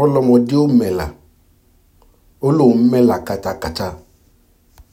ọlọ́mọdé ò mẹ̀là ó lóun mẹ̀là katakata. Kata.